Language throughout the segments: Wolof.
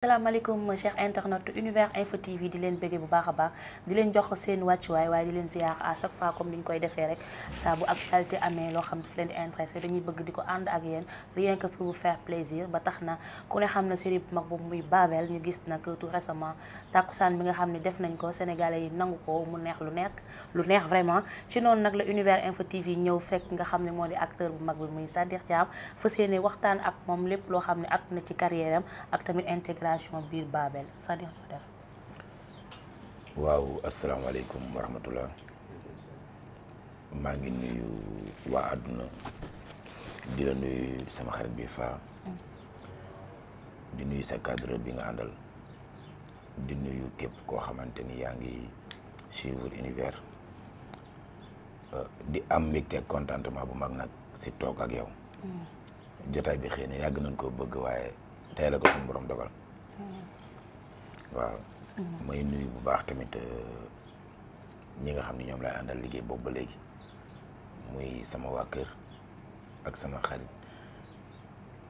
salaamaaleykum cher internaute univers info tv di leen bëggee bu baax a baax di leen jox seen wàccuwaay waaye di leen ziar à chaque fois comme ni ñu koy defee rek saa bu actualité amee loo xam daf leen di intéressé dañuy bëgg di ko ànd ak yéen rien que pour vous faire plaisir ba tax na ku ne xam na série bu mag boobu muy Baabel ñu gis na nag tout récemment tàkkusaan bi nga xam ne def nañ ko sénégalais yi nangu ko mu neex lu neex lu neex vraiment ci noonu nag la univers info tv ñëw fekk nga xam ne moo di acteur bu mag bi muy Sadikh Thiam fas yéene waxtaan ak moom lépp loo xam ne at na ci carrière am ak tamit intégration opération biir Baabel Sadikh loo def. waaw asalaamaaleykum wa rahmatullah maa ngi nuyu waa àdduna di la nuyu sama xarit bi faa di nuyu sa cadre bi nga àndal di nuyu képp koo xamante ni yaa ngi suivre univers euh, di am mbégte contentement bu mag nag si toog ak yow mm. jotaay bi xëy na yàgg nañ koo bëgg waaye tey la ko suñu borom dogal waaw mooy mm-hmm. nuyu bu baax tamit euh, ñi nga xam ne ñoom laay àndal liggéey boobu ba léegi muy sama waa kër ak sama xarit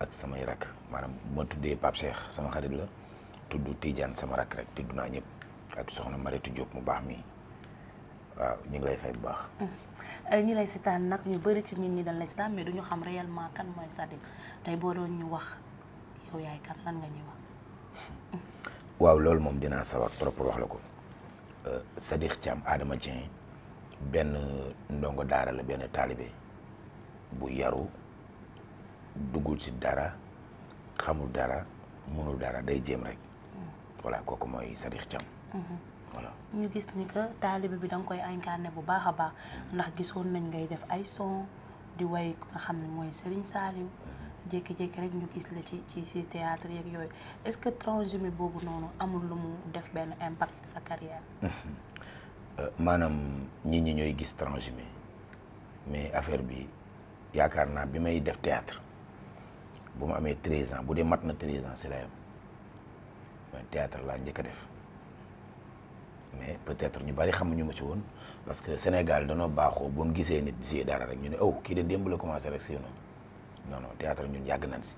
ak samay rakk maanaam ma tuddee Pape sama xarit la tudd Tidiane sama rakk rek tudd naa ñëpp ak soxna Maritu Diop mu baax mii waaw ñu ngi lay fay bu baax. Mm-hmm. Euh, ñi lay seetaan nag ñu bari ci nit ñi dal dañ lay seetaan mais duñu xam réellement kan mooy Sadikh tey boo doon ñu wax yow yaay kan lan nga ñuy wax. waaw loolu moom dinaa sawar trop wax la ko euh, Sadikh Thiam Adama Dieng benn ndongo daara la benn taalibe bu yaru duggul ci dara xamul dara mënul dara day jéem rek voilà kooku mooy Sadikh Thiam mm-hmm. voilà ñu gis ni que taalibe bi da nga koy incarné bu baax a baax mm-hmm. ndax gisoon nañ ngay def ay son di way nga xam ne mooy Serigne Saliou mm-hmm. jékki-jékki rek ñu gis la ci ci ci théâtre yeeg yooyu est-ce que transhumé boobu noonu amul lu mu def benn impact sa carrière euh, maanaam ñi ñi ñooy gis transhumé mais affaire bi yaakaar naa bi may def théâtre bu mu amee treize ans bu dee mat na treize ans si la yam man laa njëkk def mais peut-être ñu bari xamuñu ma ci woon parce que Sénégal danoo baaxoo bu ñu gisee nit si dara rek ñu ne aw oh, kii de démb la commencé rek si noonu non non théâtre ñun yàgg nañ si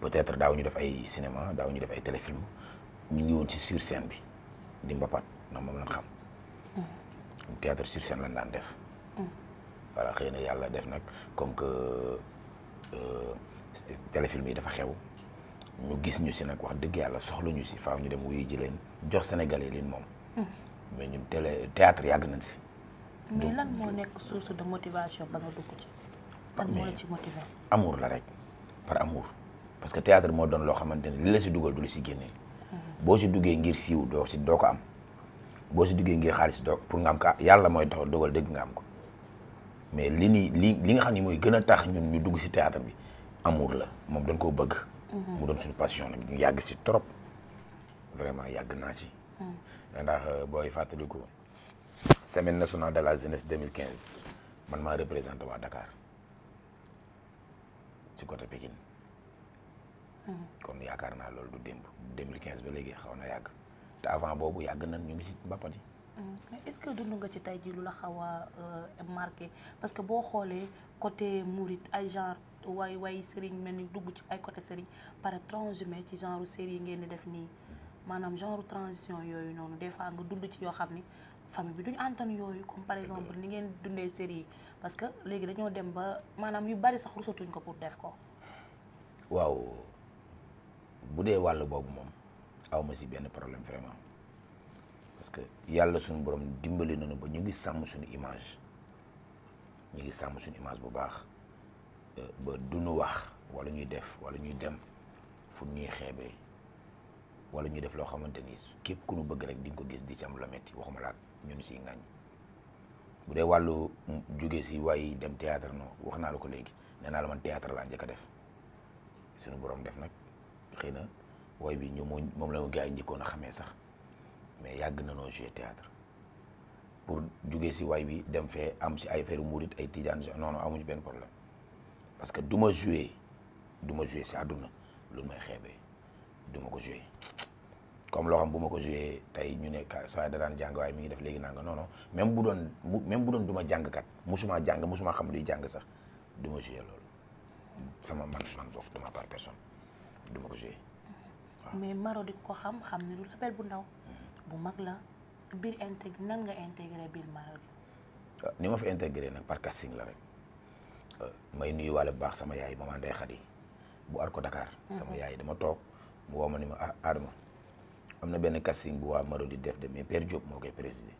peut-être daaw ñu def ay cinéma daaw ñu def ay téléfilm ñu ngi woon ci sur bi di mbapat ndax moom lañ xam. Mm. théâtre sur scène lañ daan def. Mm. voilà xëy na yàlla def nag comme que euh, téléfilm yi dafa xew ñu gis ñu si nag wax dëgg yàlla soxla ñu si faaw ñu dem wuyu ji leen jox Sénégalais leen moom. Mm. mais ñun télé théâtre yàgg nañ si. mais lan moo nekk source de motivation ba nga dugg ci. moo ci motivé amour la rek par amour parce que théâtre moo doon loo xamante ne li la si dugal du la si génnee mm-hmm. boo si duggee ngir siiw doo si doo ko am boo si duggee ngir xaalis doo pour nga am ka yàlla mooy tax dogal dëgg nga am ko mais li nii li li nga xam ni mooy gën a tax ñun ñu dugg si théâtre bi amour la moom dañ koo bëgg mm-hmm. mu doon suñu passion nag ñu yàgg si trop vraiment yàgg naa ci mm. ndax euh, booy fàttaliku semaine nationale de la jeunesse 2015 man maa représenté waa Dakar ci côté Pikine. Mm-hmm. kon yaakaar naa loolu du démb 2015 ba léegi xaw na yàgg te avant boobu yàgg nañ ñu ngi si mbappat yi. Mm-hmm. est-ce que dund nga ci tey jii lu la xaw a euh, marqué parce que boo xoolee côté Mouride ay genre waay way sëriñ mel ni dugg ci ay côté sëriñ par transhumé ci genre série yi ngeen di def nii mm-hmm. maanaam genre transition yooyu noonu des fois nga dund ci yoo xam ni. famille bi duñu antan yooyu comme par exemple ni ngeen dundee série yi parce que léegi dañoo dem ba maanaam yu bari sax rusatuñ ko pour def ko waaw bu dee wàll boobu moom awma si benn problème vraiment parce que yàlla suñu borom dimbali nañu ba ñu ngi sàmm suñu image ñu ngi sàmm suñu image bu baax euh, ba duñu wax wala ñuy def wala ñuy dem fu ñuy xeebee wala ñuy def loo xamante ni képp ku nu bëgg rek di nga ko gis di ci am la metti waxuma laak ñun si ngañ bu dee wàllu jóge si waaye dem théâtre non wax naa la ko léegi nee naa la man théâtre laa njëkk a def suñu borom def nag xëy na way bi ñu moom la ma gars yi njëkkoon a xamee sax mais yàgg na noo jouer théâtre pour jóge si way bi dem fee am si ay feru murit ay tijaan non amuñu benn problème parce que du ma jouer du ma jouer si àdduna lu may xeebee duma ko jouer comme loo xam bu ma ko joué tey ñu ne saa da daan jàng waaye mi ngi def léegi nanga non non même bu doon même bu doon duma ma jàngkat musuma jàng musuma xam luy jàng sax du ma joué loolu sama man man bokk par personne du ma ko joué waaw ko xam xam ne du label bu ndaw bu mag la biir intégr nan nga intégré biir Marodi ah, ni ma fi intégré nag par casting la rek euh, may nuyu bu baax sama yaay maman Ndeye Khady bu ar ko Dakar mhm. sama yaay dama toog mu woo ma ni ma ah, Adama am na benn casting bu waa Marodi def de mais Père Diop moo koy présider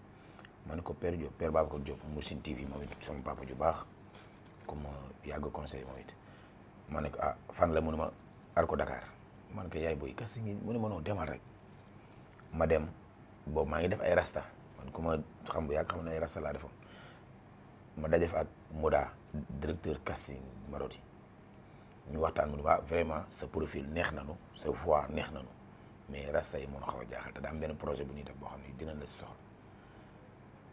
ma ne ko Père Diop Père Babacar Diop Mourchine TV moom it sama papa ju baax comme yàgg conseil moom it ma ne ko ah fan la mënuma ma ko Dakar ma ne ko yaay booy casting yi mu ne ma noo demal rek ma dem boobu maa ngi def ay rasta man ku ma xam bu yàgg xam ne ay rasta laa defoon ma daje ak Moda directeur casting Marodi ñu waxtaan mu ne waaw ah, vraiment sa profil neex na nu sa voix neex nanu mais rasta yi mun xaw a jaaxal te daa am benn projet bu ñuy def boo xam ne dina la si soxla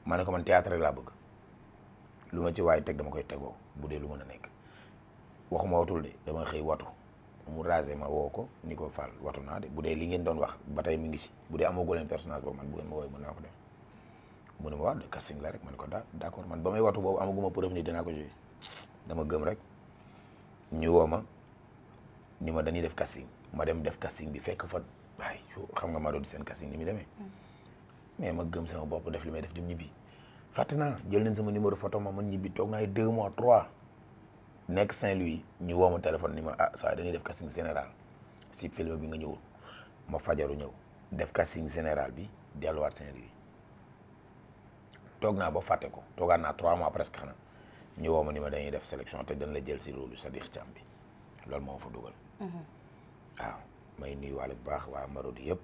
ma ne ko man théâtre rek laa bëgg lu ma ci waaye teg dama koy tegoo bu dee lu mën a nekk waxuma watul de dama xëy watu mu rasé ma woo ko ni ko Fall watu naa de bu dee li ngeen doon wax ba tey mi ngi ci bu dee amoo leen personnage boobu man bu ngeen ma woowee ko def mu ne ma wax de casting la rek man ko d'accord man ba may watu boobu amaguma preuve ni dinaa ko joué dama gëm rek ñu ma ni ma dañuy def casting ma dem def casting bi fekk fa waaye xam nga Marodi seen casting ni mu demee mais ma gëm sama bopp def li may def dem ñibbi fàtte naa jël nañ sama numéro photo ma man ñibbi toog naa ay deux mois trois nekk Saint-Louis ñu woo ma téléphone ni ma ah saa dañuy def casting général si film bi nga ñëwul ma fajaru ñëw def casting général bi delluwaat Saint-Louis toog naa ba fàtte ko toogaat naa trois mois presque xanaa ñu woo ma ni ma dañuy def sélection te dañ la jël si loolu Sadikh Thiam bi loolu moo fa dugal mhm. waaw may nuyu waale bu baax waa Marodi yëpp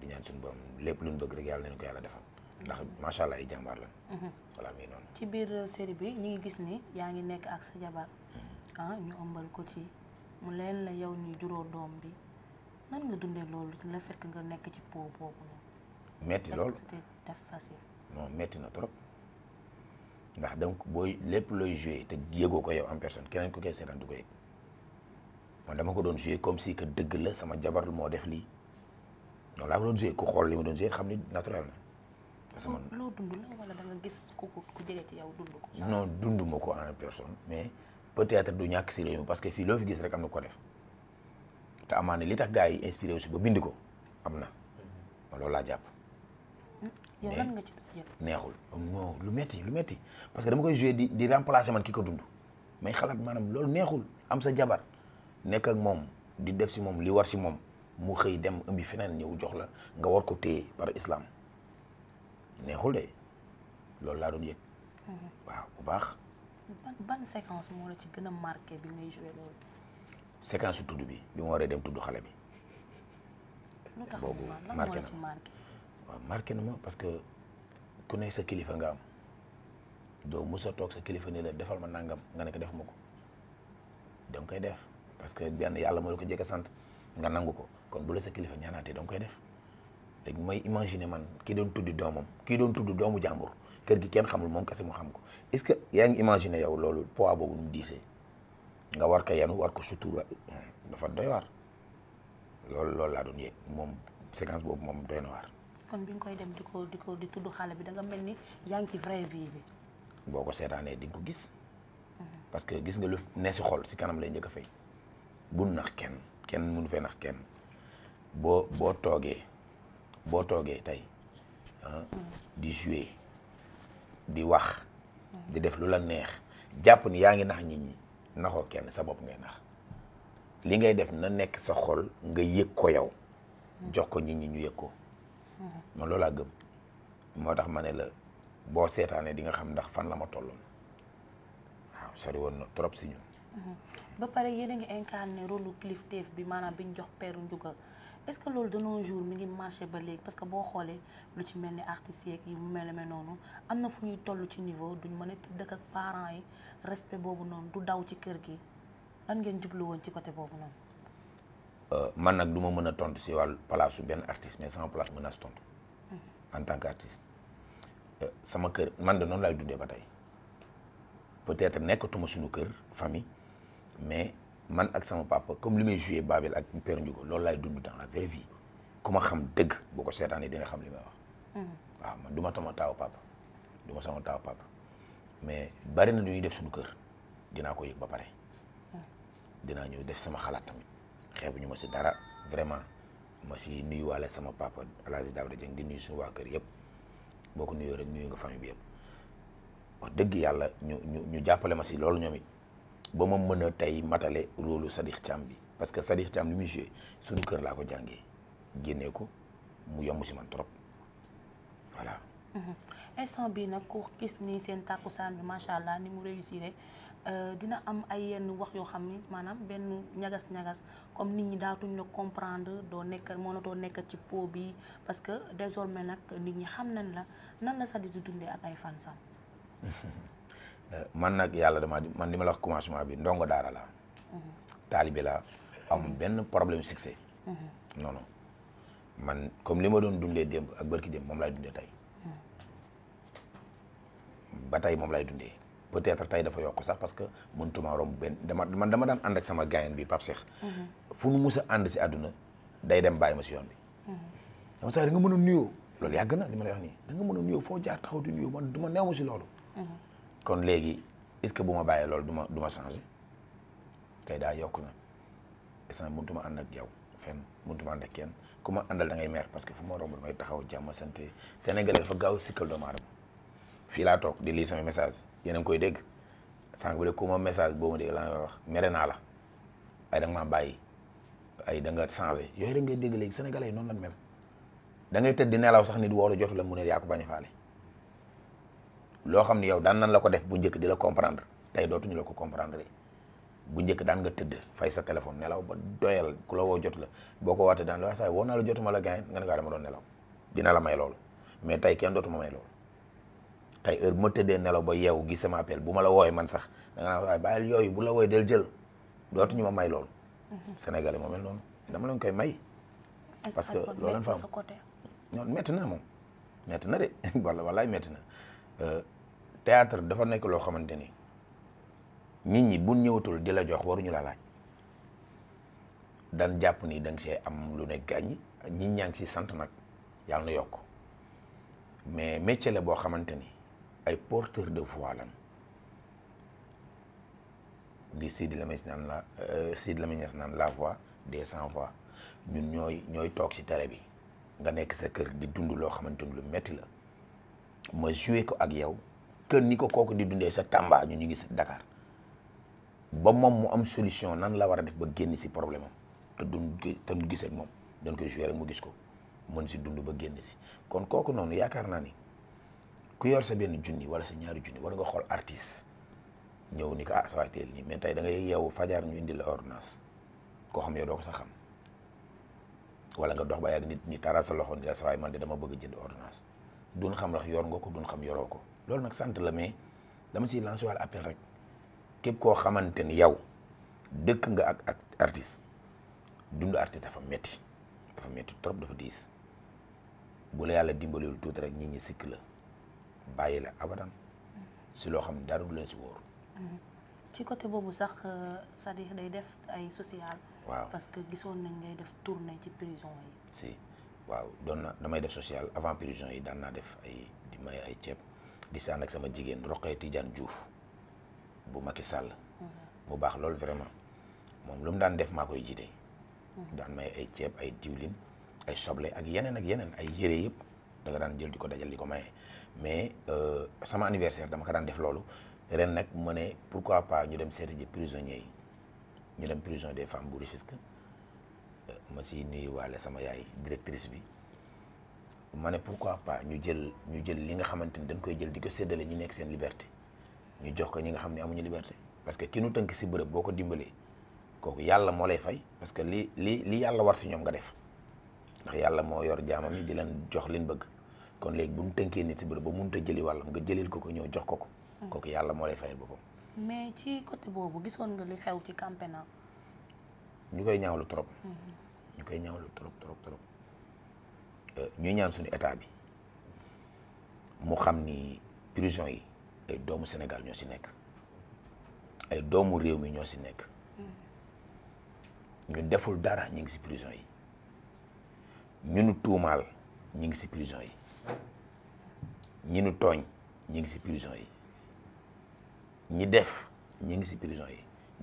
di ñaan suñu borom lépp lu ñu bëgg rek yàlla nañu ko yàlla defal ndax macha allah ay jàmbaar lañ. Mhm. voilà mi ngi noonu. ci biir euh, série bi ñu ngi gis ni yaa ngi nekk ak sa jabar mhm. ah ñu ëmbal ko ci mu leen la yow ñu juróo doom bi nan nga dundee loolu ci la fekk nga nekk ci po boobu noonu. metti loolu def metti na trop ndax donc booy lépp looy joué te yëgoo ko yow en personne keneen ku koy seetaan du ko yëg. man dama ko doon joué comme si que dëgg la sama jabar moo def lii noonu laa ko doon joué ku xool li ma doon joué xam ni naturel na. parce loo dund la ko. personne mais peut-être du ñàkk si réew mi que fii loo fi gis rek am na ko def te amaane li tax gars yi inspiré aussi ba bind ko am na ma loolu laa jàpp. yow neexul non lu metti lu metti parce que dama koy joué di di remplacer man ki ko dund mais xalaat maanaam loolu neexul am sa jabar. nekk ak moom di def si moom li war si moom mu xëy dem ëmbi feneen ñëw jox la nga war ko téye par islam neexul de loolu laa doon yëg. Mhm. waaw bu baax. ban ban séquence la ci gën a marqué bi ngay joué loolu. séquence tudd bi bi ma waree dem tudd xale bi. lu tax boobu na ma parce que ku nekk sa kilifa nga am doo mës toog sa kilifa ni la defal ma nangam nga nekk ko defuma ko danga koy def. parce que benn yàlla mooy ko jëkk sant nga nangu ko kon bu la sa kilifa ñaanaatee danga koy def léegi may imaginer man kii doon tuddi doomam kii doon tudd doomu jàmbur kër gi kenn xamul moom kese mu xam ko est que yaa ngi imaginer yow loolu poids boobu ñu diisee nga war ko yanu war ko sutura dafa doy waar loolu laa doon yëg moom séquence boobu moom doy na waar. kon bi nga koy dem di ko di ko di tudd xale bi danga nga mel ni yaa ngi ci vraie bi. boo ko seetaanee di nga ko gis. parce que gis nga lu ne si xol si kanam lay fay. bu nax kenn kenn mënu fee nax kenn boo boo toogee boo toogee tey ah, di jouer di wax di def lu la neex jàpp ni yaa ngi nax nit ñi naxoo kenn sa bopp ngay nax li ngay def na nekk sa xol nga yëg ko yow jox ko nit ñi ñu yëg ko loolu a gëm moo tax ma ne la boo seetaanee di nga xam ndax fan la ma tolloon waaw sori na trop si ñun ba pare yéen a ngi incarné rôle lu kilifteef bi maanaam bi ñu jox peeru njuga est-ce que loolu de nos jours mi ngi marché ba léegi parce que boo xoolee lu ci mel ni artistes yeeg yi mu mel ne noonu am na fu ñuy toll ci niveau duñ mën a dëkk ak parents yi respect boobu noonu du daw ci kër gi lan ngeen jublu woon ci côté boobu noonu. Euh, man nag du ma mën a tontu si wàllu palaasu benn artiste mais sama place mën naa si tontu. Hmm. en tant qu'artiste. Euh, sama kër man de noonu laay dundee ba tey peut-être nekkatuma suñu kër famille. mais man ak sama papa comme li may joué Babel ak Père Ndiougo loolu laay dund dans la vraie vie ku ma xam dëgg boo ko seetaanee dina xam li may wax. Mm-hmm. waaw man du ma taa taaw papa du ma sama taaw papa mais bari na lu ñuy def suñu kër dinaa ko yëg ba pare. Mm-hmm. dinaa ñëw def sama xalaat tamit ñu ma si dara vraiment ma si nuyuwaale sama papa El Hadj Daouda Dieng di nuyu suñu waa kër yëpp boo ko nuyoo rek nuyu nga famille bi yëpp wax dëgg yàlla ñu ñu ñu jàppale ma si loolu ñoom it ba ma mën a tey matale rôle Sadikh Thiam bi parce que Sadikh Thiam li muy joué suñu kër laa ko jàngee génnee ko mu yomb si man trop voilà. Mm-hmm. instant bi nag ko gis ni seen tàkkusaan bi macha allah ni mu réussir euh, dina am ay yenn wax yoo xam ni maanaam benn ñagas-ñagas comme nit ñi daatuñ la comprendre doo moo nekk too nekk ci po bi parce que désormais nag nit ñi xam nañ la nan la Sadikh di dundee ak ay fansam man nag yàlla dama man li ma la commencement bi ndongo daara la taalibe la amul benn problème succès non non man comme li ma doon dundee démb ak barki démb moom laay dundee tey ba tey moom laay dundee peut-être tey dafa yokk sax parce que mënutuma romb benn dama daan ànd ak sama gaayen bi Pape Cheikh fu nu mus ànd si àdduna day dem bàyyi ma si yoon bi dama sax da nga mën a nuyoo loolu yàgg na li ma lay wax nii da nga mën a nuyoo foo jaar taxaw kon léegi est-ce que bu ma bàyyee loolu duma ma du ma changé tey daa yokk na instant mëntu ma ànd ak yow fenn mëntu ma ànd ak kenn ku ma àndal da ngay mer parce que fu ma romb damay taxaw jàmm sant Sénégalais dafa gaaw sikkal doomu aadama fii laa toog di lire sama message yéen a ngi koy dégg sànq bu dee ku ma message boo ma dégg laa wax mere naa la ay da maa bàyyi ay da nga changé yooyu rek ngay dégg léegi Sénégalais yi noonu la mel da ngay tëdd di nelaw sax nit woo la jotu la mu ne yaa ko bañ a loo xam ne yow daan nan la ko def bu njëkk di la comprendre tey dootuñu la ko comprendre bu njëkk daan nga tëdd fay sa téléphone nelaw ba doyal ku la woo jot la boo ko waatee daan la waaye saa woo naa la jotuma la gaañ nga ne ko dama doon nelaw dina la may loolu mais tey kenn dootuma may loolu tey heure tëddee nelaw ba yeewu gis sama appel bu ma la wooyee man sax da nga naan waaye bàyyil yooyu bu la wooyee del jël dootuñu ma may loolu. Mhm. Sénégalais moo mel noonu dama leen koy may. parce que loolu lañ fa am métti na moom métti na de wala walaay métti na. théâtre dafa nekk loo xamante ni nit ñi bu ñëwatul di la jox waruñu la laaj dan jàpp nii danga see am lu ne gàññi ñi ñaa ngi si sant nag yàlla na yokk mais métier la boo xamante ni ay porteur de voix lan di Sidi Lamine naan la euh, Sidi Lamine naan la voix des sans voix ñun ñooy ñooy toog ci télé bi nga nekk sa kër di dund loo xamante ni lu metti la ma joué ko ak yow que ni ko kooku di dundee sa Tamba ñun ñu ngi sa Dakar ba moom mu am solution nan la war a def ba génn si problème am te dund te mu moom dañ koy rek mu gis ko mën si dund ba génn si kon kooku noonu yaakaar naa ni ku yor sa benn junni wala sa ñaari junni war nga xool artiste ñëw ni ko ah sa teel nii mais tey da ngay yeewu fajar ñu indi la ordonnance koo xam yow doo ko sax xam wala nga dox ba yàgg nit ñi tara sa loxo ni la sa ah, waay man de dama bëgg jënd ordonnance duñ xam ndax yor nga ko duñ xam yoroo ko loolu nag sant la mais dama ciy lancer waal appel rek képp koo xamante ni yow dëkk nga ak ak artiste dund artiste dafa metti dafa metti trop dafa diis bu la yàlla dimbaliwul tuuti rek nit ñi sikk la bàyyi la abadan si loo xam ne dara du leen si wóor. ci côté boobu sax euh, c'est-à-dire day def ay social. waaw parce que gisoon nañ ngay def tournée ci prison yi. si. waaw doon na damay def social avant prison yi daan naa def ay di may ay ceeb di saan ak sama jigéen Roqee Tidiane Diouf bu Macky sàll mhm. mu baax loolu vraiment moom lu mu daan def maa koy jiite. Mhm. daan may ay ceeb ay diwlin ay soble ak yeneen ak yeneen ay yére yëpp da nga daan jël di ko dajal di ko maye mais euh, sama anniversaire dama ko daan def loolu ren nag mu ne pourquoi pas ñu dem seeti ji prisonniers yi ñu dem prison des femmes bu Rufisque ma si nuyuwaale sama yaay directrice bi ma ne pour pourquoi pas ñu jël ñu jël li nga xamante ni dañ koy jël di ko séddale ñi nekk seen liberté ñu jox ko ñi nga xam ne amuñu liberté parce que ki nu tënk si bërëb boo ko dimbalee kooku yàlla moo lay fay parce que li li li yàlla war si ñoom nga def ndax yàlla moo yor jaamam yi di leen jox liñ bëgg kon léegi bu ñu nit si bërëb ba mënut a jëli wàllam nga jëlil ko ko ñëw ko ko kooku yàlla moo lay fayal boppam mais ci côté boobu gisoon nga li xew ci campagne ñu koy ñaawlu trop mm-hmm. ñu koy ñaawlu trop trop trop euh, ñuy ñaan suñu état bi mu xam ni prison yi ay doomu Sénégal ñoo ci nekk ay doomu réew mi ñoo ci nekk mm-hmm. ñu deful dara ñu ngi ci prison yi ñu nu tuumaal ñu ngi ci prison yi ñu nu tooñ ñu ngi ci prison yi ñi def ñu ngi ci prison yi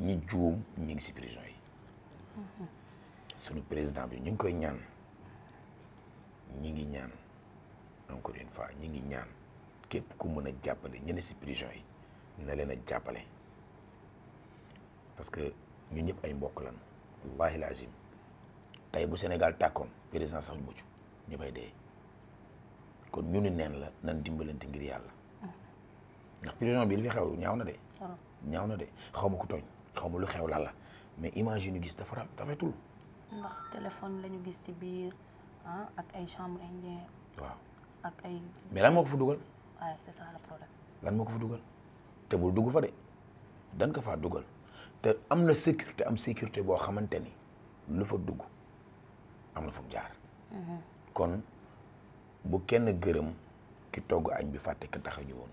ñi juum ñu ngi ci prison yi mm-hmm. suñu président bi ñu ngi koy ñaan ñi ngi ñaan encore une fois ñi ngi ñaan képp ku mën a jàppale ñene ci prison yi na leen a jàppale parce que ñu ñëpp ay mbokk lan wallahi lazim tey bu Sénégal tàkkoon président sax mucc ñëpp ay dee kon ñu ni neen la nan dimbalante ngir yàlla ndax prison bi li fi xew ñaaw na de ñaaw na de xaw ma ko tooñ xaw ma lu xew lan la mais image yu ñu gis dafa rafetul ndax téléphone lañu gis ci biir ah ak ay chambre indien. waaw ak ay. mais lan moo ko fa dugal. waaw moo ko fa dugal te bul dugg fa de dan ko faa dugal te am na sécurité am sécurité boo xamante ni lu fa dugg am na fu jaar. Mhm. kon bu kenn gërëm ki togg añ bi fàtte ka tax a ñëwoon.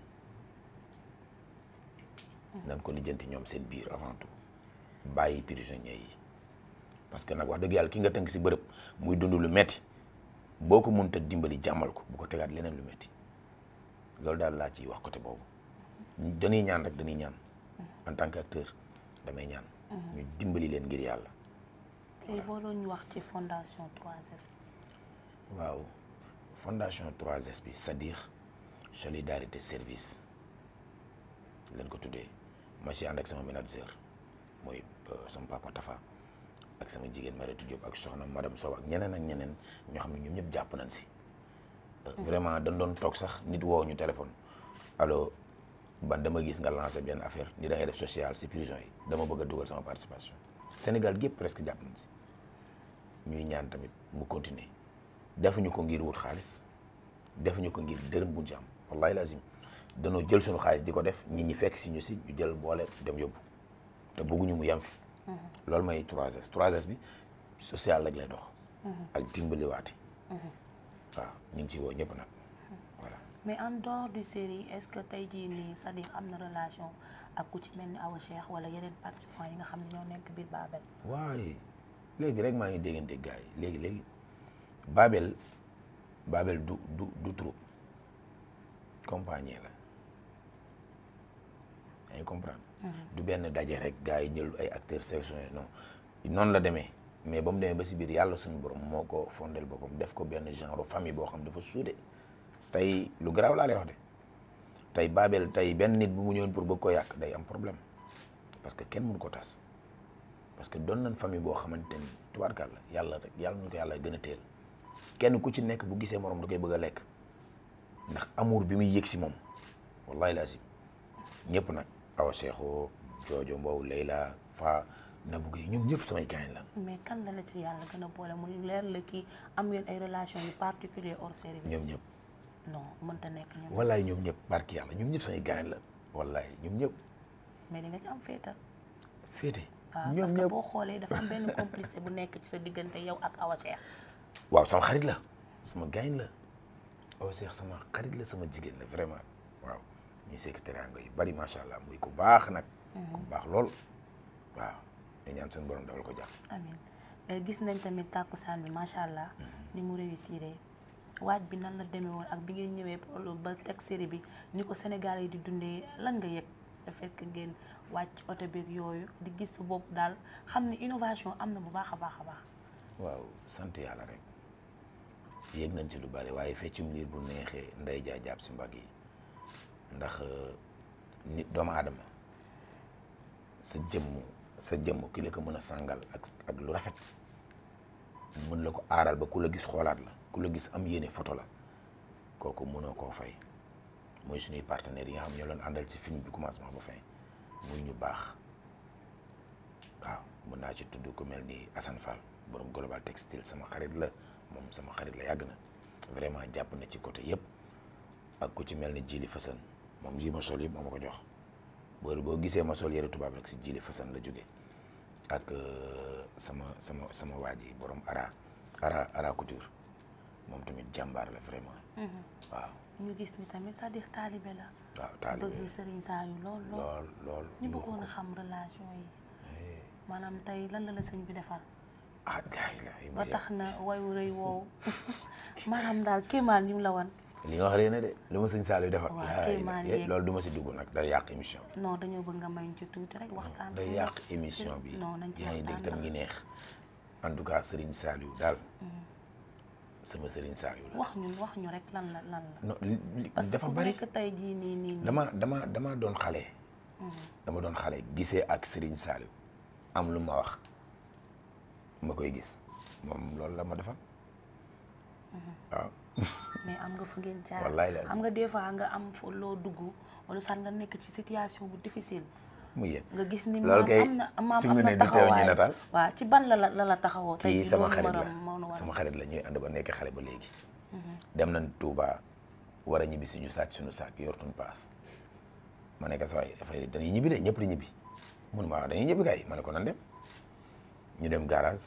Mhm. nan ko lijjanti ñoom seen biir avant tout bàyyi prisonniers yi. parce que nag wax dëgg yàlla ki nga tënk si bërëb muy dund lu metti boo ko mënta dimbali jàmmal ko bu ko tegaat leneen lu metti loolu daal laa ciy wax côté boobu dañuy ñaan rek dañuy ñaan en tant que acteur damay ñaan ñu dimbali leen ngir yàlla tey boo doon wax ci fondation 3S bi sa diir dire solidarité service leen ko tuddee ma si ànd ak sama manager mooy euh, sama papa Tafa ak sama jigéen Mariétou Diop ak soxna madame Sow ak ñeneen ak ñeneen ñoo xam ne ñoom ñëpp jàpp nañ si. Euh, mm. vraiment dañ doon toog sax nit woo ñu téléphone allo ban dama gis nga lancé benn affaire ni da ngay def social si prison yi dama bëgg a dugal sama participation Sénégal gépp presque jàpp nañ si ñuy ñaan tamit mu continuer defuñu ko ngir wut xaalis defuñu ko ngir dërëm buñ ci am wallahi lazim danoo jël suñu xaalis di ko def ñi ñi fekk si ñu si ñu jël boole dem yóbbu te bëgguñu mu yem loolu mooy 3S bi social rek lay dox. ak dimbaliwaati. waaw ñu ngi ciy woo ñëpp nag voilà. mais en dehors du série est-ce que tey jii nii c'est-à-dire am na relation ak ku ci mel ni Awa Cheikh wala yeneen participants yi nga xam ne ñoo nekk biir Babel. waaye léegi rek maa ngi déggante gars yi léegi léegi Babel Babel du du du troupe compagnie la yaa ngi du benn daje rek gars yi jël ay acteurs sélectionnés non noonu la demee mais ba mu demee ba si biir yàlla suñu borom moo ko fondel boppam def ko benn genre famille boo xam dafa suude tey lu garaw laa lay wax de tey Babel tey benn nit bu mu ñëwoon pour bëgg ko yàq day am problème parce que kenn mënu ko tas parce que doon nañ famille boo xamante ni tubaarkàlla yàlla rek yàlla nañ ko yàlla gën a teel kenn ku ci nekk bu gisee moroom da koy bëgg a lekk ndax amour bi muy yëg si moom wallahi nag. Awa Cheikhou Jojo Mbow Leila Fa Nabou yi ñoom ñëpp samay gaañ la. mais kan la la ci yàlla gën a boole mu leer la kii am ngeen ay relation yu particulier hors série. ñoom ñëpp. non mënta nekk ñoom. wallaay ñoom ñëpp barki yàlla ñoom ñëpp samay gaañ la wallaay ñoom ñëpp. mais di nga ci am féetal. féete. Ah, ñoom ñëpp parce que boo xoolee dafa am benn complicité bu nekk ci sa diggante yow ak a Cheikh. waaw sama xarit la sama gaañ la Awa Cheikh sama xarit la sama jigéen la vraiment ñuy sekk teraanga yu bari macha allah muy ku baax nag. ku baax lool waaw. ñu ñaan suñu borom dawal ko jàpp. amiin eh, gis nañ tamit tàkkusaan bi macha allah. Mhm. ni mu réussir waaj bi nan la demee ak bi ngeen ñëwee ba teg série bi ni ko Sénégal yi di dundee lan nga yëg te fekk ngeen wàcc oto beeg yooyu di gis sa bopp daal xam ne innovation am na bu baax a baax a baax. waaw sant yàlla rek yéeg nañ ci lu bari waaye feccum liir bu neexee nday jaay jàpp si mbagg yi. ndax euh, nit doomu aadama sa jëmm sa jëmm ki la ko mën a sàngal ak ak lu rafet mën la ko aaral ba ku la gis xoolaat la ku la gis am yéene photo la kooku mënoo koo fay mooy suñuy partenaires yi nga xam ñoo doon àndal ci film bi commencement ba fin muy ñu baax waaw mën naa ci tudd ku mel ni Assane Fall borom Global Textile sama xarit la moom sama xarit la yàgg na vraiment jàpp na ci côté yëpp ak ku ci mel ni Djili Fassane moom ji ma sol yëpp moo ma ko jox boolu boo gisee ma sol yëre tubaab rek si jili fasan la jóge ak euh, sama sama sama waa ji ara ara ara couture moom tamit jàmbaar la vraiment mhm. waaw ñu gis ni tamit c'est-à-dire la waaw taalibe lool lool lool ñu bëggoon a xam relation yi eh, maanaam tey lan la la sëñ bi defal ah, ba tax na wayu rëy woowu maanaam daal kéemaan ñu la wan li nga wax rek ne de li ma sëñ Saliou defar. waaw loolu du ma si dugg nag day yàq émission bi. non dañoo bëgg nga may ci tuuti rek waxtaan. day yàq émission bi. non nañ ci waxtaan dégg tam ngi neex. en tout cas Serigne Saliou daal. Mm-hmm. sama Serigne Saliou la. wax ñu wax ñu rek lan la lan la. dafa bari parce jii nii nii. dama dama dama doon xale. Mm-hmm. dama doon xale gisee ak Serigne Saliou am lu ma wax ma koy gis moom loolu la ma defal mm-hmm. waaw. mais am nga fu ngeen jaar am nga des fois nga am fo loo dugg wala sax nga nekk ci situation bu difficile mu yéen nga gis ni maam am na maam am na taxawaay waaw ci ban la la la taxawoo tey sama xarit la sama xarit la ñuy ànd ba nekk xale ba léegi mhm. dem nañ tuuba war a ñibbi suñu saak suñu saak yortuñ paas ma ne ko saa yi dafay dañuy ñibbi de ñëpp di ñibbi mun ma wax ah, dañuy ñibbi kay ma ne ko nan dem ñu dem garage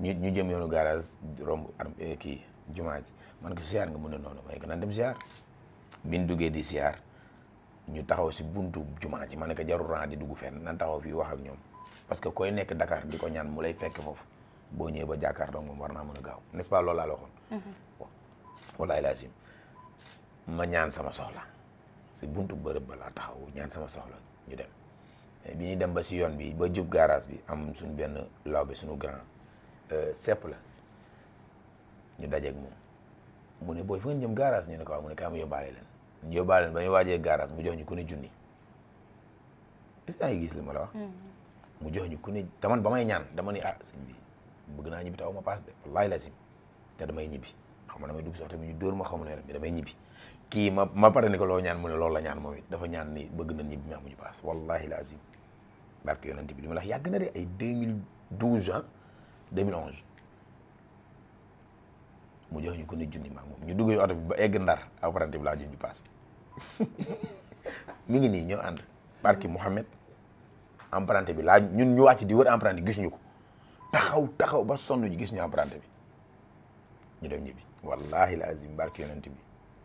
ñu ñu jëm yoonu garage romb eh, kii jumaa ji man ko ziar nga mun ne noonu ma ne nan dem ziar biñ duggee di ziar ñu taxaw si buntu jumaa ji ma ne ko jarul di dugg fenn nan taxaw fii wax ak ñoom parce que koy nekk Dakar di ko ñaan mu lay fekk foofu boo ñëwee ba jàkkaarloo moom war naa mën a gaaw nest pas loolu laa la waxoon. Mm-hmm. walaay laazim ma ñaan sama soxla si buntu bërëb ba laa taxaw ñaan sama soxla ñu dem bi ñu dem ba si yoon bi ba jub garage bi am suñu benn law bi su grand euh, sepp la. ñu dajeeg moom mu ne booy fu ngeen jëm garage ñu ne ko waaw mu ne kaay ma yóbbaale leen ñu yóbbaale leen ba ñu waajee garage mu jox ñu ku ne junni est-ce gis li ma la wax. Hmm. mu jox ñu ku ne taman ba may ñaan dama ni ah sëñ bi bëgg naa ñibbi taw ma paas de wallaahi lazim te ñibbi xam nga damay dugg sax tamit ñu dóor ma xamu ne rek damay ñibbi kii ma ma pare ni ko loo ñaan mu ne loolu la ñaan moom it dafa ñaan ni bëgg na ñibbi ma amuñu paas wallaahi lazim barke yonent bi li ma la yàgg na de ay 2012 ah 2011. mu jox ñu ko ne junni maag moom ñu dugg ñu oto bi ba egg ndar apprenti bi laa junni paas mu ngi nii ñëw ànd barki Mouhamed apprenti bi laa ñun ñu wàcc di wër apprenti gis ñu ko taxaw taxaw ba sonn ñu gis ñu apprenti bi ñu dem ñibbi wallahi la azim barki yonent bi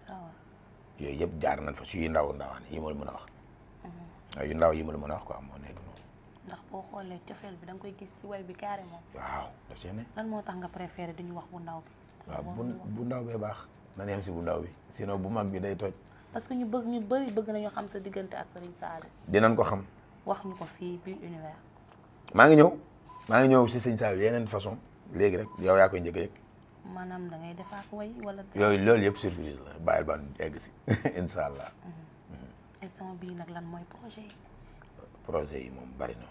ah yooyu yëpp jaar nañ fa si yu ndaw ndawaan yi ma la mën a wax mhm. waaw yu ndaw yi ma la mën a wax quoi moo nekk noonu ndax boo xoolee cofeel bi da koy gis ci way bi carrément waaw daf moo tax nga préféré duñu wax bu ndaw bi waaw bu bu ndaw bee baax na neem si bu ndaw bi sinon bu mag bi day toj. parce que ñu bëgg ñu bari bëgg nañu xam sa diggante ak Serigne Saliou. dinañ ko xam. wax ñu ko fii maa ngi ñëw maa ngi ñëw si Serigne Saliou yeneen façon léegi rek yow yaa koy njëkk yëg. maanaam da ngay defaat way wala. yooyu loolu yëpp surprise la bàyyil ban egg si incha allah. Mm-hmm. instant bii lan mooy projet yi. yi moom bari na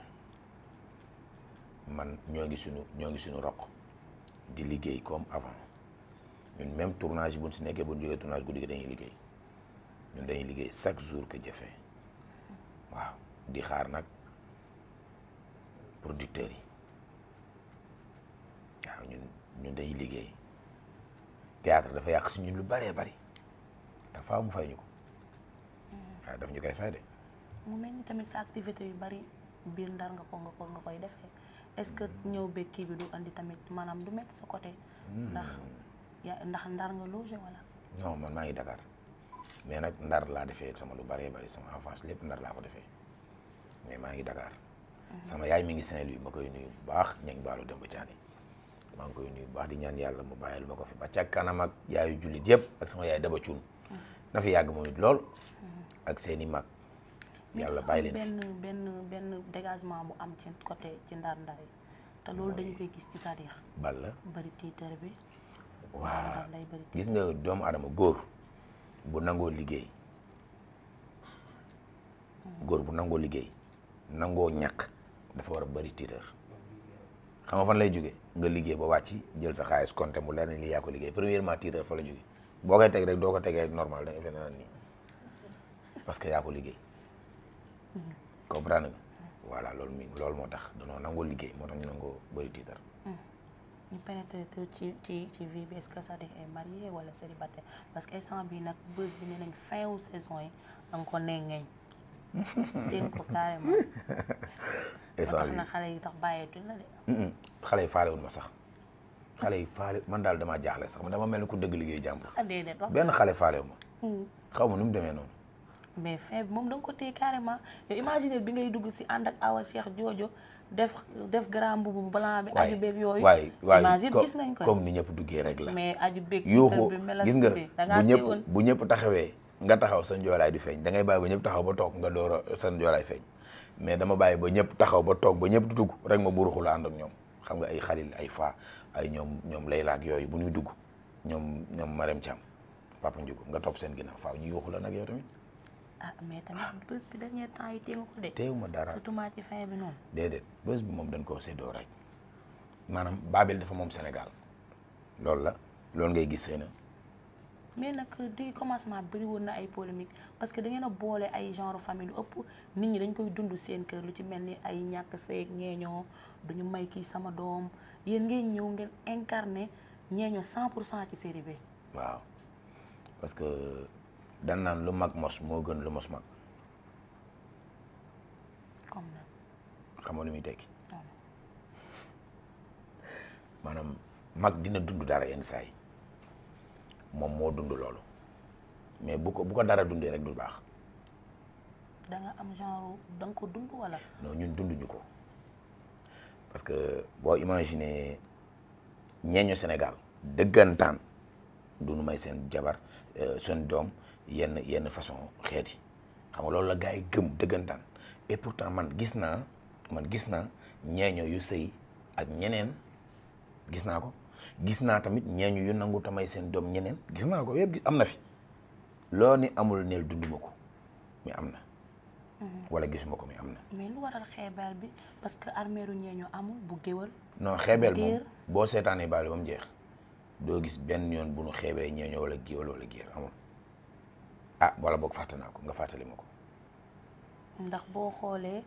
man ñoo ngi sunu ñoo ngi sunu roq di liggéey comme avant. ñun même tournage bu ñu si nekkee bu ñu jógee tournage guddi gi dañuy liggéey ñun dañuy liggéey chaque jour que jëfe waaw di xaar nag producteurs yi waaw ñun ñun liggéey dafa yàq si ñun lu bëree bari dafa mu fay ñu ko mm. waaw daf ñu koy fay de. mu mel tamit sa activité yu bari biir ndar nga ko nga koy defee est-ce que mm. ñëw bekki bi du andi tamit maanaam du metti sa côté mm. ndax. yaa ndax ndar nga logé wala. non man maa ngi Dakar mais nag ndar laa defee sama lu bëree bëri sama enfance lépp ndar laa ko defee mais maa ngi dakaar mhm. sama yaay mi ngi Saint-Louis ma koy nuy bu baax ña ngi dem ba Thiané maa ngi koy nuyu bu baax di ñaan yàlla mu bàyyil ma ko fi ba ca kanam ak yaayu jullit yëpp ak sama yaay daba cuun mhm. na fi yàgg moom it lool. Mhm. ak seen mag. yàlla bay leen benn benn dégagement bu am ci côté ci ndar-ndar yi te loolu dañu koy gis ci Sadikh. bal la bari tiitër bi. waa gis nga doomu adama góor bu nangoo liggéey góor bu nangoo liggéey nangoo ñàkk dafa war a bëri tiitër xam nga fan lay jóge nga liggéey ba wàcc jël sa xaalis compté mu leer ne lii yaa ko liggéey premièrement tiitër fa la jóge boo koy teg rek doo ko tegee normal da nga fee nii parce que yaa ko liggéey mm-hmm. comprendre nga voilà loolu mi loolu moo tax danoo nangoo liggéey moo tax ñu nangoo bëri tiitër ñu pénétrer ci ci ci vie bi est-ce que ça est parce que instant bi nag bés bi ne nañ fin wu saison yi danga ko ne ngeeñ dégg ko carrément instant bi na xale yi sax bàyyeetuñ la de xale faalewul ma sax xale yi faale man daal damaa jaaxle sax man dama mel ni ku dëgg liggéey jàmbur ah, benn xale faalewu ma mm. xaw ma nu mu demee noonu mais fin bi moom da ko téye carrément yow imaginer bi ngay dugg si ànd ak Awa Cheikh Jojo def def grand mbubu balaa bi. aju beeg yooyu waay waay comme ni ñëpp duggee rek la. mais aju beeg yuuxu gis nga bu ñëpp bu ñëpp taxawee. nga taxaw sa njoolaay di feeñ da ngay bàyyi ba ñëpp taxaw ba toog nga door a sa njoolaay mais dama bàyyi ba ñëpp taxaw ba toog ba ñëpp dugg rek ma buruxu la ànd ak ñoom xam nga ay xalil ay fa ay ñoom ñoom lay laylaak yooyu bu ñuy dugg ñoom ñoom Marème Thiam papa Ndiougo nga topp seen ginnaaw faaw ñu yuuxu la nag yow tamit ah mais tamit bés bi dernier temps yi téewu ko de. téewu dara surtout maa ci fin bi noonu. déedéet bés bi moom dañ koo séddoo rek maanaam Babel dafa moom Sénégal loolu la loolu ngay gis seen mais nag di commencement bëri woon na ay polémique parce que dangeen ngeen boole ay genre famille lu ëpp nit ñi dañ koy dund seen kër lu ci mel ni ay ñàkk seeg ñeeñoo duñu may kii sama doom yéen ngeen ñëw ngeen incarné ñeeñoo cent pour cent ci série bi waaw parce que dan naan lu mag mos moo gën lu mos mag. comme na. nga lu muy tekki. maanaam mag dina dund dara yenn saa moom moo dund loolu mais bu ko bu ko dara dundee rek du baax. da am genre da ko dund wala. non ñun dunduñu ko parce que boo imaginer ñeeñu Sénégal dëggantaan du nu may seen jabar euh, seen doom yenn yenn façon xeet yi xam loolu la gars yi gëm dëggantaan et pourtant man gis naa man gis naa ñeeño yu sëy ak ñeneen gis naa ko gis naa tamit ñeeño yu nangu tamay seen doom ñeneen gis naa ko yëpp am na fi loo ni amul neel dunduma ko mais am na. Mhm. wala gisuma ko mi am na. mais lu waral xeebeel bi parce que armeeru ñeeño amul bu géwal. noo xeebeel moom boo seetaanee baal ba mu jeex doo gis benn yoon bu nu xeebee ñeeño wala géwal wala géer amul. ah wala boog fàtte naa ko nga fàttali ma ko. ndax boo xoolee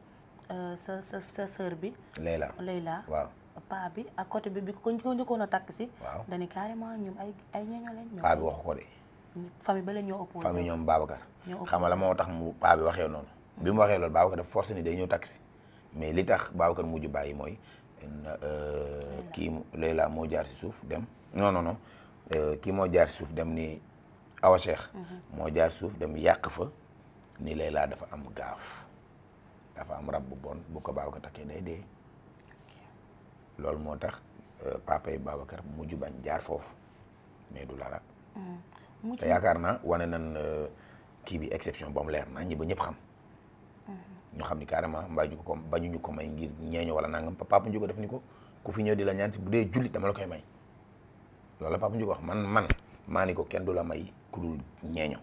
euh, sa sa sa sœur bi. Leila Leila waaw. paa bi ak côté bi bi ko njëkkoon a takk si. waaw dañu carrément ñoom ay ay ñooñu lañ. paa bi waxu ko de. famille ba la ñoo opposé ñoom Babacar. ñoo opposé la moo tax mu paa waxee noonu. bi mu waxee loolu Babacar dafa forcé ni day ñëw takk si mais li tax Babacar mujj bàyyi mooy. Euh, kii Leila moo jaar si suuf dem non non euh, kii moo jaar si suuf dem ni Awa Cheikh moo jaar suuf dem yàq fa ni Layla dafa am gaaf dafa am rab bu bon bu ko baaw ko takkee day dee loolu moo tax euh, papa yi Babacar mujj bañ jaar foofu mais du dara. Mm-hmm. te yaakaar naa wane nan euh, kii bi exception ba mu leer na ñi ba ñëpp xam. Mm-hmm. ñu xam ni carrément mbaa ju ko bañuñu ko may ngir ñeeño wala nangam papa Ndiouga def ni ko ku fi ñëw di la ñaan si bu dee jullit dama la koy may loolu papa Ndiouga wax man man. maa ni ko kenn du la may ku dul ñeeño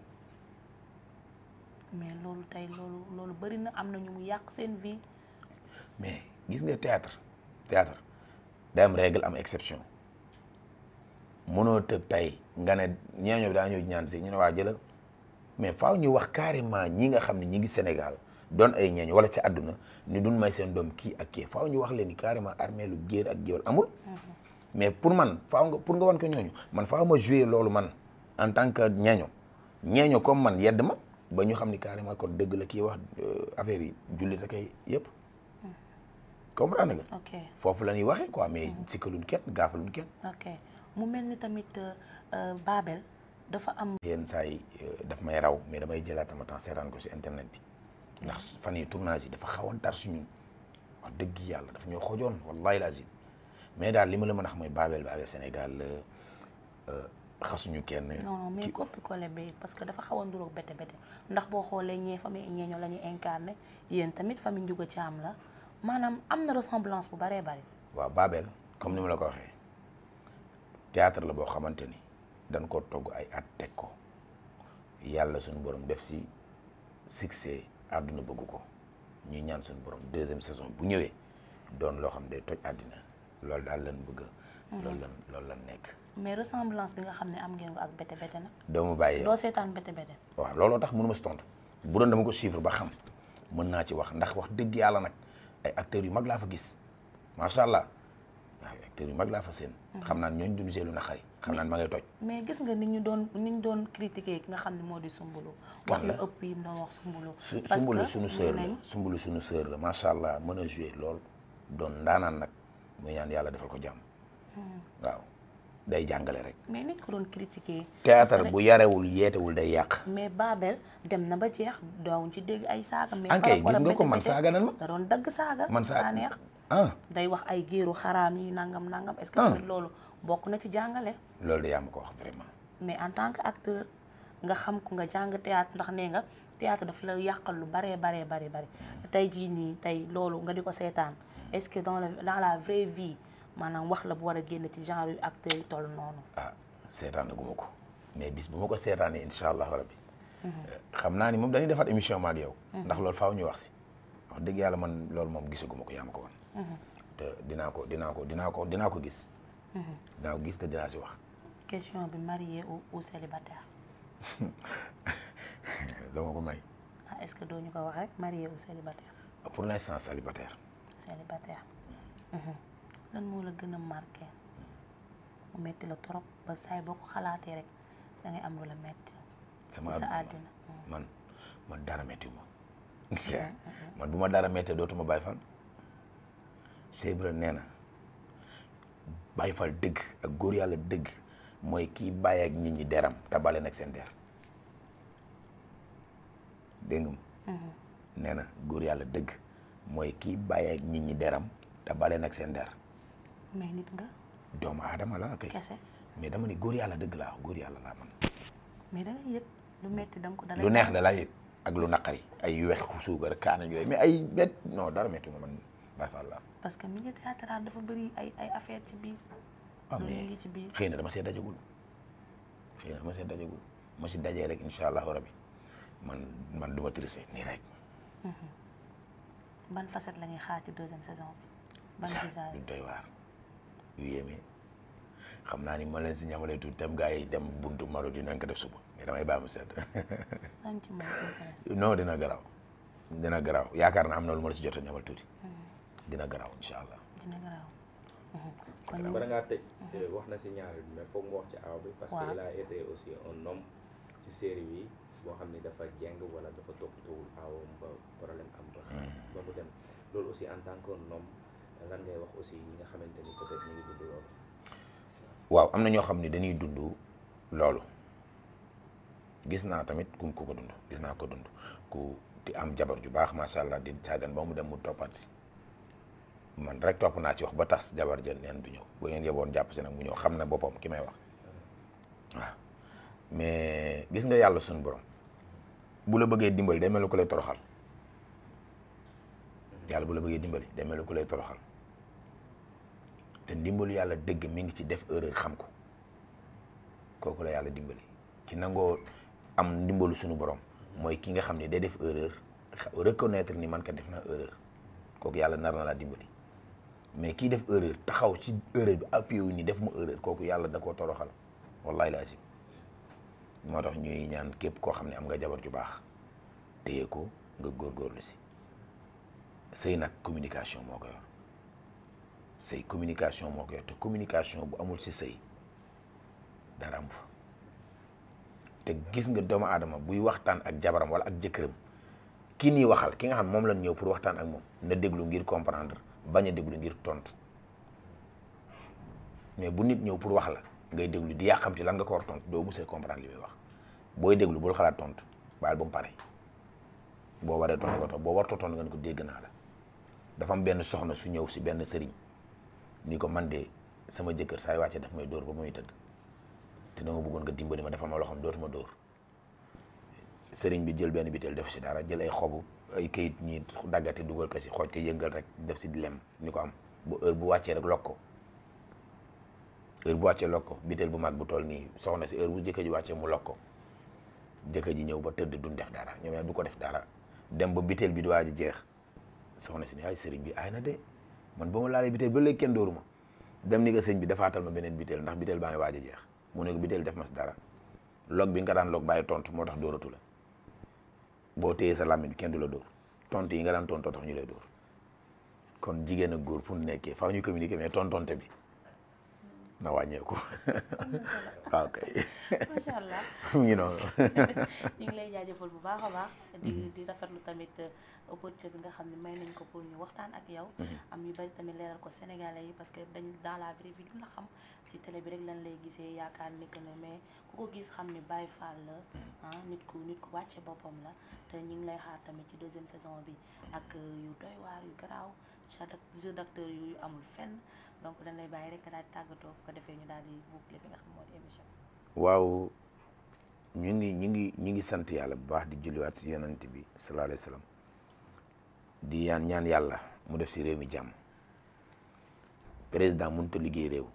mais loolu tey loolu loolu bëri na am na ñu mu yàq seen vie. mais gis nga théâtre théâtre day am règle am exception mënoo tëb tey nga ne ñeeño bi daa ñëw ñaan si ñu ne waa jëlal mais faw ñu wax carrément ñi nga xam ne ñi ngi Sénégal doon ay ñeeño wala ci àdduna ni du may seen doom kii ak kii faw ñu wax leen ni carrément armée lu géer ak géwél amul. Mhm. mais pour man faaw nga pour nga wan ko ñooñu man faaw ma jouer loolu man en tant que ñeeño ñeeño comme man yedd ma ba ñu xam ni carrément ko dëgg la kii wax euh, affaire yi jullit ak ay yëpp comprendre nga. ok foofu la ñuy waxee ko mais sikkaluñ kenn gaafaluñ kenn. ok mu mel ni tamit euh, euh, Babel dafa am. yenn saa yi daf may raw mais damay jëlaat sama temps seetaan ko si internet bi ndax fan yi tournage yi dafa xawoon tar suñu wax dëgg yàlla dafa ñoo xojoon wallahi lazim mais daal li ma la mën a xam mooy Babel Babel Sénégal euh, xasuñu kenn. non non mais parce que dafa xaw a nduróog bete bete ndax boo xoolee ñee famille ñeeñoo la ñuy incarné yéen tamit famille Ndiouga am la maanaam am na ressemblance bu bëree bëri. waaw Babel comme ni ma la ko waxee théâtre la boo xamante ni dañ ko togg ay at teg ko yàlla suñu borom def si succès àdduna bëgg ko ñuy ñaan suñu borom deuxième saison bu ñëwee doon loo xam ne day toj àddina. loolu daal lan bëgg hmm. loolu lan loolu lan nekk mais ressemblance bi nga xam ne am ngeen ko ak bété bété nag doo ma bàyyi doo seetaan bété bété waaw looloo tax mënu ma si tontu bu doon dama ko suivre ba xam mën naa ci wax ndax wax dëgg yàlla nag ay yu mag laa fa gis macha allah ay yu mag laa fa seen hmm. xam naa ñooñu duñ seelu na xari xam naa ma ngay toj mais gis nga ni ñu doon ni ñu doon ki nga xam ne moo di Soumboulou wax la ëpp yi mu doon wax suñu sœur la Soumboulou suñu sœur la macha allah mën a lool doon ndaanaan nag muy ñaan yàlla defal ko jàmm waaw day jàngale rek. mais nañ ko doon critiquer. Théâtre bu yarewul yeetewul day yàq. mais Babel dem na ba jeex daawuñ ci dégg ay saaga. mais ankay gis nga ko man saaga nan doon dagg saaga. man saaga neex ah. day wax ay géeru xaraam yi nangam nangam. est-ce que ah. loolu bokk na ci jàngale. loolu de yaa ko wax en tant que acteur nga xam ku nga jàng théâtre ndax nee nga théâtre daf la yàqal lu baree baree baree baree. Hmm. tey jii nii tey loolu nga di ko seetaan. est-ce que dans la dans la vraie vie maanaam wax la bu war a génn ci genre yu acteurs yu toll noonu. ah seetaan gu ma ko mais bis bu ma ko seetaanee incha allah rabbi xam naa ni moom dañuy defaat émission ma ak yow. ndax loolu faaw ñu wax si. wax dëgg yàlla man loolu moom gisaguma ko yaa ma ko woon. te dinaa ko dinaa ko dinaa ko dinaa ko gis. dinaa ko gis te dinaa si wax. question bi marié ou ou célibataire. dama ko may. ah est doo ñu ko wax rek marié ou célibataire. pour l'instant célibataire. célibataire lan moo la gën a marqué mu metti la trop ba saay boo ko xalaatee rek da am lu la metti sama àddina man man dara méttiwu ma mm-hmm. man bu ma dara méttee dootuma Baay Faal Cheikh Ibra na Baay Faal dëgg ak góor yàlla dëgg mooy kii bàyyi ak nit ñi deram tabale nag seen der dégg nga mm-hmm. góor yàlla dëgg mooy kii bàyyi ak nit ñi deram te bale nag seen der. mais nit nga. doomu aadama la kay. kese mais dama ni góor yàlla dëgg laa góor yàlla laa man. mais da yëg lu metti da ko dale lu neex da laa yëg ak lu naqari ay wex suukar kaana yooyu mais ay met non dara metti ma man Baay Faal parce que milieu théâtral dafa bëri ay ay affaire ci biir. am ah, ngi ci biir xëy na dama see dajagul xëy na dama see dajagul ma si dajee rek incha allahu rabi man man du ma tricé ban facette la ñuy xaar ci deuxième saison bi. ban visage du doy waar yu yéeme xam naa ni ma leen si ñamalee tuuti tam gars yi dem buntu maro dinañ ko def suba mais damay baax mu dina garaaw. dina garaaw yaakaar na am na lu ma la si jot a ñamal tuuti. Hmm. dina garaaw incha allah. dina garaaw. kon ngaa tëj. Hmm. Eh, wax na si ñaar mais foog mu wax ci aw bi. parce que il a été aussi un homme. ci série bi boo xam ne dafa jeng wala dafa toppatoowul aawam ba problème am ba hmm. ba mu dem loolu aussi en tant que homme lan ngay wax aussi ñi nga xamante ni peut-être dund waaw am na ñoo xam ne dañuy dund loolu gis naa tamit ku ko dund gis naa ko dund ku di am jabar ju baax macha allah di sàggan ba mu dem mu toppaat si man rek topp naa ci wax ba tas jabar ja neen du ñëw bu ngeen yeboon jàpp si nag mu ñëw xam na boppam ki may wax hmm. waaw mais gis nga yàlla suñu borom bu la bëggee dimbali day mel ni lay toroxal yàlla bu la bëggee dimbali day mel ni lay toroxal te ndimbalu yàlla dëgg mi ngi ci def erreur xam ko kooku la yàlla dimbali ki nangoo am ndimbalu suñu borom mooy ki nga xam ni day def erreur reconnaître ni man ka def na erreur kooku yàlla nar na laa dimbali mais kii def erreur taxaw ci erreur bi appuyé wu ni def mu erreur kooku yàlla da koo toroxal wallahi laazim moo tax ñuy ñaan képp koo xam ne am nga jabar ju baax téye ko nga góor góorlu si sëy nag communication moo ko yor sëy communication moo ko yor te communication bu amul si sëy dara am fa te gis nga doomu aadama buy waxtaan ak jabaram wala ak jëkkëram ki nii waxal ki nga xam moom lañ ñëw pour waxtaan ak moom na déglu ngir comprendre bañ a déglu ngir tontu mais bu nit ñëw pour wax la. ngay déglu di yaa xam ci lan nga ko war tontu doo mos a comprendre li muy wax booy déglu bul xalaat tontu baal ba mu pare boo waree tontu nga tontu boo wartoo tontu nga ne ko dégg naa la dafa am benn soxna su ñëw si benn sëriñ ni ko man de sama jëkkër saay wàccee daf may dóor ba muy tëdd te dama bëggoon nga dimbali ma dafa ma loo xam dootuma dóor sëriñ bi jël benn bitel def si dara jël ay xobu ay kayit ñii daggati dugal ko si xooj ko yëngal rek def si di lem ni ko am bu heure bu wàccee rek lokk ko heure bu wàccee lokko biteel bu mag bu toll nii soxna si heure bu jëkkër ji wàccee mu lokko jëkkër ji ñëw ba tëdd duñ def dara ñoomee du ko def dara dem ba biteel bi du waaj jeex soxna si ne ay sëriñ bi ay na de man ba ma laalee biteel ba léegi kenn dóoru ma dem ni ko sëñ bi dafaatal ma beneen biteel ndax biteel baa ngi waaj a jeex mu ne ko biteel def ma si dara log bi nga daan log bàyyi tontu moo tax dóoratu la boo téyee sa làmmiñ kenn du la dóor tontu yi nga daan tontoo tax ñu lay dóor kon jigéen ak góor pour nekkee faaw ñu communiquer mais tontonte bi na wàññeeku waaw allah mu ngi noonu ñu ngi lay jaajëfal bu baax a baax di mm-hmm. di rafetlu tamit uh, opportunité bi nga xam ne may nañ ko pour ñu waxtaan ak yow mm-hmm. am yu bari tamit leeral ko sénégalais yi parce que dañ dans la vraie vie xam ci télé bi rek lan lay gisee yaakaar ni que ne mais ku ko gis xam ne bàyyi Fall la mm-hmm. ah nit ku nit ku wàcce boppam la te ñu ngi lay xaar tamit ci deusième saison bi ak uh, yu doy waar yu garaaw jeu d'acteur yu amul fenn donc dañ lay bàyyi rek defee ñu daal waaw ñu ngi ñu ngi ñu ngi sant yàlla bu baax di julliwaat si yonent bi sallallahu alayhi wa sallam di yaan ñaan yàlla mu def si réew mi jàmm président mënut a liggéey réew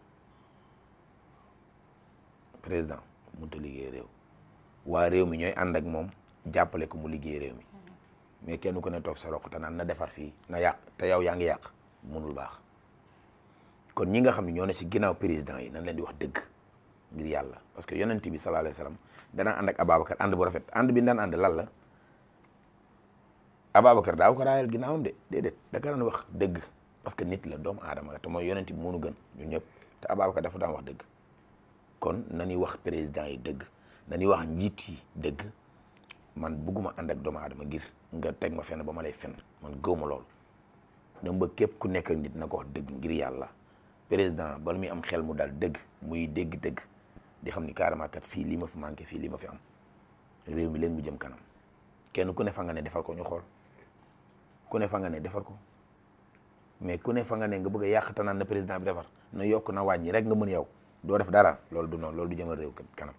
président mënut liggéey réew waa réew mi ñooy ànd ak moom jàppale ko mu liggéey réew mi mm-hmm. mais kenn ku ne toog sa roq te naan na defar fii na yàq te yow yaa ngi yàq mënul baax kon ñi nga xam ne ñoo ne ci ginnaaw président yi na leen di wax dëgg ngir yàlla parce que yonent bi sallallahu alayhi wasallam danaa ànd ak Ababacar rafet ànd bi daan ànd lan la Ababacar daaw ko raayal ginnaawam de déedéet da ka daan wax dëgg parce que nit la doomu aadama la te mooy yonent bi moo nu gën ñun ñëpp te Ababacar dafa daan wax dëgg kon nañuy wax président yi dëgg nañuy wax njiit yi dëgg man bugguma ànd ak doomu aadama ngir nga teg ma fenn ba ma lay fenn man ma lool dama bëgg képp ku nekk nit na ko wax dëgg ngir yàlla président bala muy am xel mu dal dëgg muy dégg dëgg di xam ni carrément kat fii lii ma fi manqué fii lii ma fi am réew mi leen mu jëm kanam kenn ku ne fa nga ne defal ko ñu xool ku ne fa nga ne defar ko mais ku ne fa nga ne nga bëgg a yàq tanaan na président bi defar na yokk na wàññi rek nga mën yow doo def dara loolu du noonu loolu du jëmal réew kanam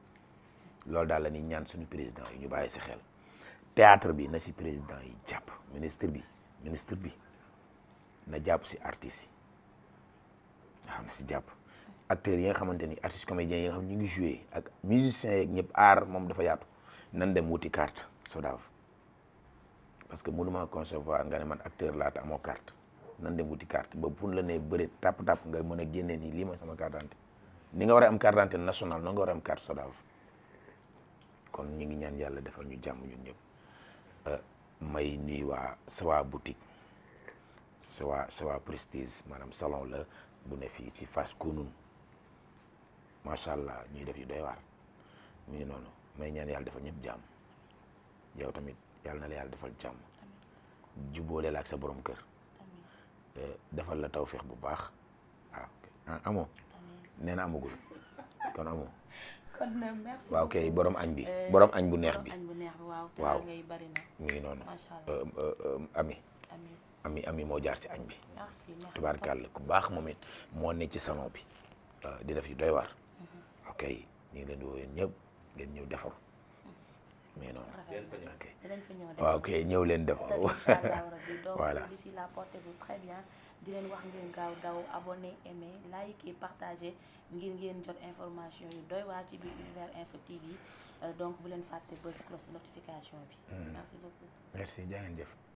loolu daal la ñuy ñaan suñu président yu ñu bàyyi si xel théâtre bi na si président yi jàpp ministre bi ministre bi na jàpp si artistes yi xam na si jàpp acteurs yi nga xamante ni artistes comédiens yi nga xam ñu ngi joué ak musiciens yeeg ñëpp art moom dafa yaatu nan dem wuti carte SODAV parce que mënuma concevoir nga ne man acteur laa te amoo carte nan dem wuti carte ba fu la nee bëri tap tap nga mën a nii lii sama carte ni nga war a am carte d'identité nationale noonu nga war a am carte SODAV kon ñu ngi ñaan yàlla defal ñu jàmm ñun ñëpp euh, may nuyu waa Sawa boutique Sawa Sawa prestige maanaam salon la. bu ne fii si Fass Kounoune macha allah ñuy def yu doy waar mu ngi noonu may ñaan yàlla defal ñëpp jàmm yow tamit yàlla na la yàlla defal jàmm jubboole la ak sa boroom kër eh, defal la tawféex bu baax waaw ah, ah amoo nee amagul kon amoo. Euh, waaw kay borom añ euh, bi borom añ bu neex bi. waaw añ ngi noonu. Euh, ami. ami ami moo jaar ci añ bi tubaarkàlla ku baax moom it moo ne ci salon bi euh, di def yu doy waar mm-hmm. ok ñu leen ñëw defaru mm-hmm. mais non waaw ah, ok ñëw leen defaru voilà d'ici là portez-vous très di leen wax ngeen gaaw daw abonné aimé like et partagé ngir ngeen jot information yu doy waar ci biir Univers Info TV euh, donc bu leen fàtte bës cloche de notification bi mm.